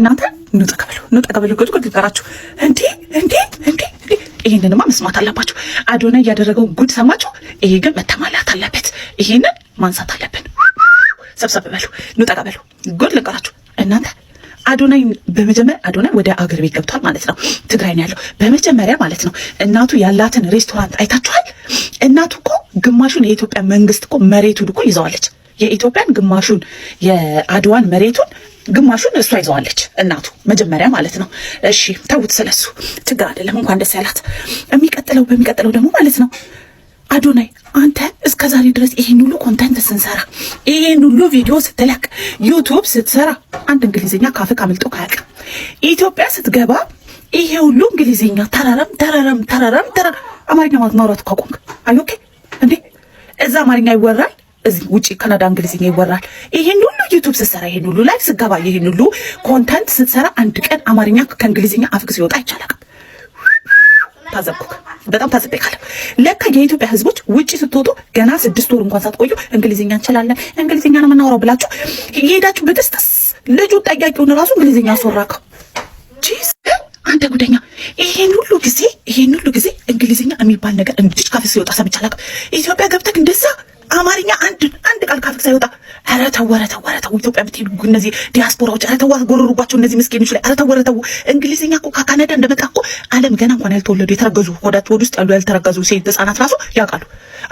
እናንተ እንውጣ ከበሉ እንውጣ ከበሉ ጉድጉድ ልጠራችሁ እንዴ እንዴ እንዴ ይሄንንማ መስማት አለባችሁ። አዶና እያደረገው ጉድ ሰማችሁ። ይሄ ግን መተማላት አለበት። ይሄንን ማንሳት አለብን። ሰብሰብ በሉ እንውጣ ከበሉ ጉድ ልጠራችሁ እናንተ አዶናይ በመጀመሪያ አዶናይ ወደ አገር ቤት ገብቷል ማለት ነው። ትግራይ ነው ያለው በመጀመሪያ ማለት ነው። እናቱ ያላትን ሬስቶራንት አይታችኋል። እናቱ እኮ ግማሹን የኢትዮጵያ መንግስት እኮ መሬቱን እኮ ይዘዋለች። የኢትዮጵያን ግማሹን የአድዋን መሬቱን ግማሹን እሷ ይዘዋለች፣ እናቱ መጀመሪያ ማለት ነው። እሺ ተውት፣ ስለሱ ችግር አይደለም። እንኳን ደስ ያላት። የሚቀጥለው በሚቀጥለው ደግሞ ማለት ነው አዶናይ አንተ እስከ ዛሬ ድረስ ይሄን ሁሉ ኮንተንት ስንሰራ ይሄን ሁሉ ቪዲዮ ስትለቅ ዩቱብ ስትሰራ አንድ እንግሊዝኛ ካፍ አምልጦ ካያቅም ኢትዮጵያ ስትገባ ይሄ ሁሉ እንግሊዝኛ ተራራም ተራራም ተራራም ተራራ አማርኛ ማውራት ካቆምክ አይ ኦኬ እንዴ እዛ አማርኛ ይወራል እዚህ ውጭ ካናዳ እንግሊዝኛ ይወራል። ይሄን ሁሉ ዩቱብ ስትሰራ፣ ይሄን ሁሉ ላይፍ ስገባ፣ ይሄን ሁሉ ኮንተንት ስትሰራ አንድ ቀን አማርኛ ከእንግሊዝኛ አፍክ ሲወጣ ይቻላል። ታዘብኩክ፣ በጣም ታዘብካለሁ። ለካ የኢትዮጵያ ህዝቦች ውጭ ስትወጡ ገና ስድስት ወር እንኳን ሳትቆዩ እንግሊዝኛ እንችላለን፣ እንግሊዝኛ ነው የምናወራው ብላችሁ የሄዳችሁ በደስታስ ልጁ ጠያቂውን ራሱ እንግሊዝኛ ሶራከው አስወራከው። አንተ ጉደኛ ይሄን ሁሉ ጊዜ ይሄን ሁሉ ጊዜ እንግሊዝኛ የሚባል ነገር እንድጭ ካፍ ሲወጣ ሰምቻለሁ። ኢትዮጵያ ገብተክ እንደዛ አማርኛ አንድ አንድ ቃል ካፍክ ሳይወጣ ኧረ ተው ኧረ ተው ኧረ ተው ኢትዮጵያ ብትሄዱ እነዚህ ዲያስፖራዎች ኧረ ተው አስጎረሩባቸው እነዚህ ምስኪኖች ላይ ኧረ ተው ኧረ ተው። እንግሊዝኛ እኮ ከካናዳ እንደመጣ እኮ አለም ገና እንኳን ያልተወለዱ የተረገዙ ሆዳቸው ወድ ውስጥ ያሉ ያልተረገዙ ሴት ህጻናት ራሱ ያውቃሉ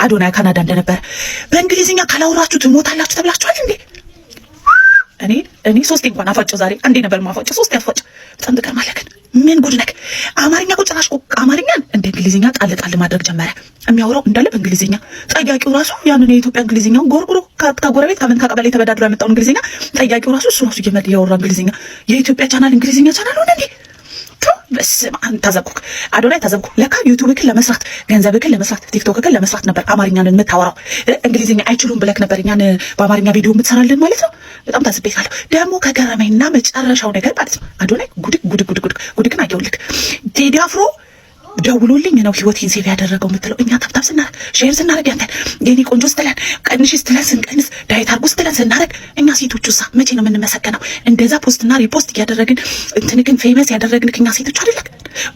አዶናይ ካናዳ እንደነበረ። በእንግሊዝኛ ካላወራችሁ ትሞታላችሁ ተብላችኋል እንዴ? እኔ እኔ ሶስቴ እንኳን አፋጨው ዛሬ አንዴ ነበር ማፋጨ ሶስቴ አፋጨ። በጣም ትገርማለህ ግን ምን ጉድ ነክ። አማርኛ እኮ ጭራሽ አማርኛን እንደ እንግሊዝኛ ጣል ጣል ማድረግ ጀመረ። የሚያወራው እንዳለ በእንግሊዝኛ ጠያቂው ራሱ ያንን የኢትዮጵያ እንግሊዝኛውን ጎርጉሮ ከጎረቤት ከምን ከቀበሌ ተበዳድሮ ያመጣው እንግሊዝኛ ጠያቂው ራሱ እሱ ራሱ እየመድ ያወራ እንግሊዝኛ የኢትዮጵያ ቻናል እንግሊዝኛ ቻናል ሆነ እንዴ? በስመ አብ ታዘብኩክ፣ አዶናይ ታዘብኩክ። ለካ ዩቱብክን ለመስራት ገንዘብክን ለመስራት ቲክቶክክን ለመስራት ነበር አማርኛን የምታወራው። እንግሊዝኛ አይችሉም ብለክ ነበር እኛን በአማርኛ ቪዲዮ የምትሰራልን ማለት ነው። በጣም ታዝቤካለሁ። ደግሞ ከገረመኝና መጨረሻው ነገር ማለት ነው አዶናይ ጉድክ ጉድክ ጉድክ ጉድክ አየውልክ ቴዲ አፍሮ ደውሎልኝ ነው ህይወቴን ሴቭ ያደረገው የምትለው። እኛ ታብታብ ስናረግ ሼር ስናረግ ያንተ የኔ ቆንጆ ስትለን ቀንሽ ስትለን ስንቀንስ ዳይት አርጉ ስትለን ስናረግ እኛ ሴቶቹ ሳ መቼ ነው የምንመሰገነው? እንደዛ ፖስትና ሪፖስት እያደረግን እንትን ግን ፌመስ ያደረግን እኛ ሴቶቹ አይደለም።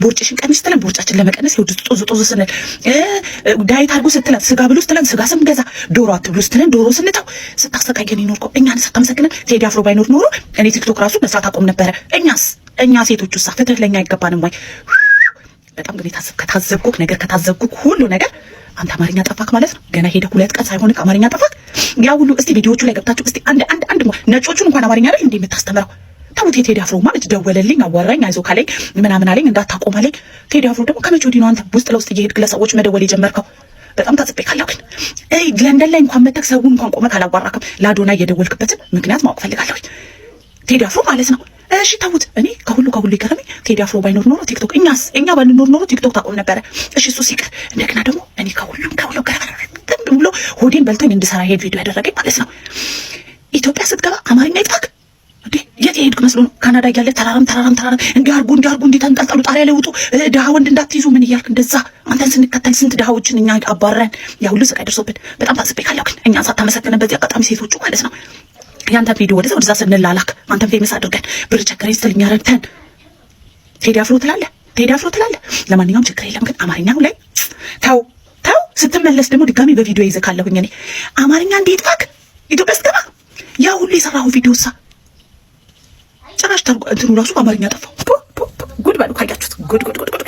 ቦርጭሽን ቀንሽ ስትለን ቦርጫችን ለመቀነስ ይወድ ጦዝ ጦዝ ስንል፣ ዳይት አርጉ ስትለን ስጋ ብሉ ስትለን ስጋ ስንገዛ፣ ዶሮ አትብሉ ስትለን ዶሮ ስንተው፣ ስታሰቃየን ይኖርከው እኛን ስታመሰግነን። ቴዲ አፍሮ ባይኖር ኖሮ እኔ ቲክቶክ ራሱ መስራት አቆም ነበረ። እኛስ እኛ ሴቶቹ ሳ ፍትህ ለእኛ አይገባንም ወይ? በጣም ግን ከታዘብኩክ ነገር ከታዘብኩክ ሁሉ ነገር አንተ አማርኛ ጠፋክ ማለት ነው። ገና ሄደ ሁለት ቀን ሳይሆን አማርኛ ጠፋክ። ያ ሁሉ እስቲ ቪዲዮቹ ላይ ገብታችሁ እስቲ አንድ አንድ አንድ ነጮቹን እንኳን አማርኛ አይደል እንዴ የምታስተምረው? ተውት። የቴዲ አፍሮ ማለት ደወለልኝ፣ አወራኝ፣ አይዞ ካለኝ ምናምን አለኝ፣ እንዳታቆም አለኝ። ቴዲ አፍሮ ደግሞ ከመቼ ወዲህ ነው አንተ ውስጥ ለውስጥ እየሄድክ ለሰዎች መደወል የጀመርከው? በጣም ታጽቤ ካለው ግን ለንደን ላይ እንኳን መተክ ሰውን እንኳን ቆመ ካላዋራክም ለአዶና እየደወልክበትን ምክንያት ማወቅ ፈልጋለሁ። ቴዲ አፍሮ ማለት ነው እሺ ተውት። እኔ ከሁሉ ከሁሉ ይገረመኝ ቴዲ አፍሮ ባይኖር ኖሮ ቲክቶክ እኛስ እኛ ባንኖር ኖሮ ቲክቶክ ታቆም ነበረ። እሺ እሱ ሲቀር እንደገና ደግሞ እኔ ከሁሉም ከሁሉ ብሎ ሆዴን በልቶኝ እንድሰራ ይሄድ ቪዲዮ ያደረገኝ ማለት ነው። ኢትዮጵያ ስትገባ አማርኛ ይጥፋክ እንዴ? የት የሄድክ መስሎ ነው? ካናዳ እያለ ተራራም ተራራም ተራራም እንዲህ አድርጉ እንዲህ አድርጉ እንዲህ ተንጠልጠሉ ጣሪያ ላይ ውጡ ድሃ ወንድ እንዳትይዙ ምን እያልክ እንደዛ አንተን ስንከተል ስንት ድሃዎችን እኛ አባረን ያ ሁሉ ስቃይ ደርሶብን በጣም ታስቤ ካለው ግን እኛን ሳታመሰግነን በዚህ አጋጣሚ ሴቶቹ ማለት ነው ያንተ ቪዲዮ ወደዛ ወደዛ ስንላላክ አንተ ፌመስ አድርገን ብር ቸገረኝ ስትል የሚያረግተን ቴዲ አፍሮ ትላለህ፣ ቴዲ አፍሮ ትላለህ። ለማንኛውም ችግር የለም ግን አማርኛው ላይ ተው ተው። ስትመለስ ደግሞ ድጋሚ በቪዲዮ ይዘህ እኔ አማርኛ እንዴት ፋክ ኢትዮጵያ ስትገባ ያ ሁሉ የሰራሁ ቪዲዮ ሳ ጭራሽ እንትኑ ራሱ አማርኛ ጠፋው። ጉድ በሉ ካያችሁት ጉድ ጉድ ጉድ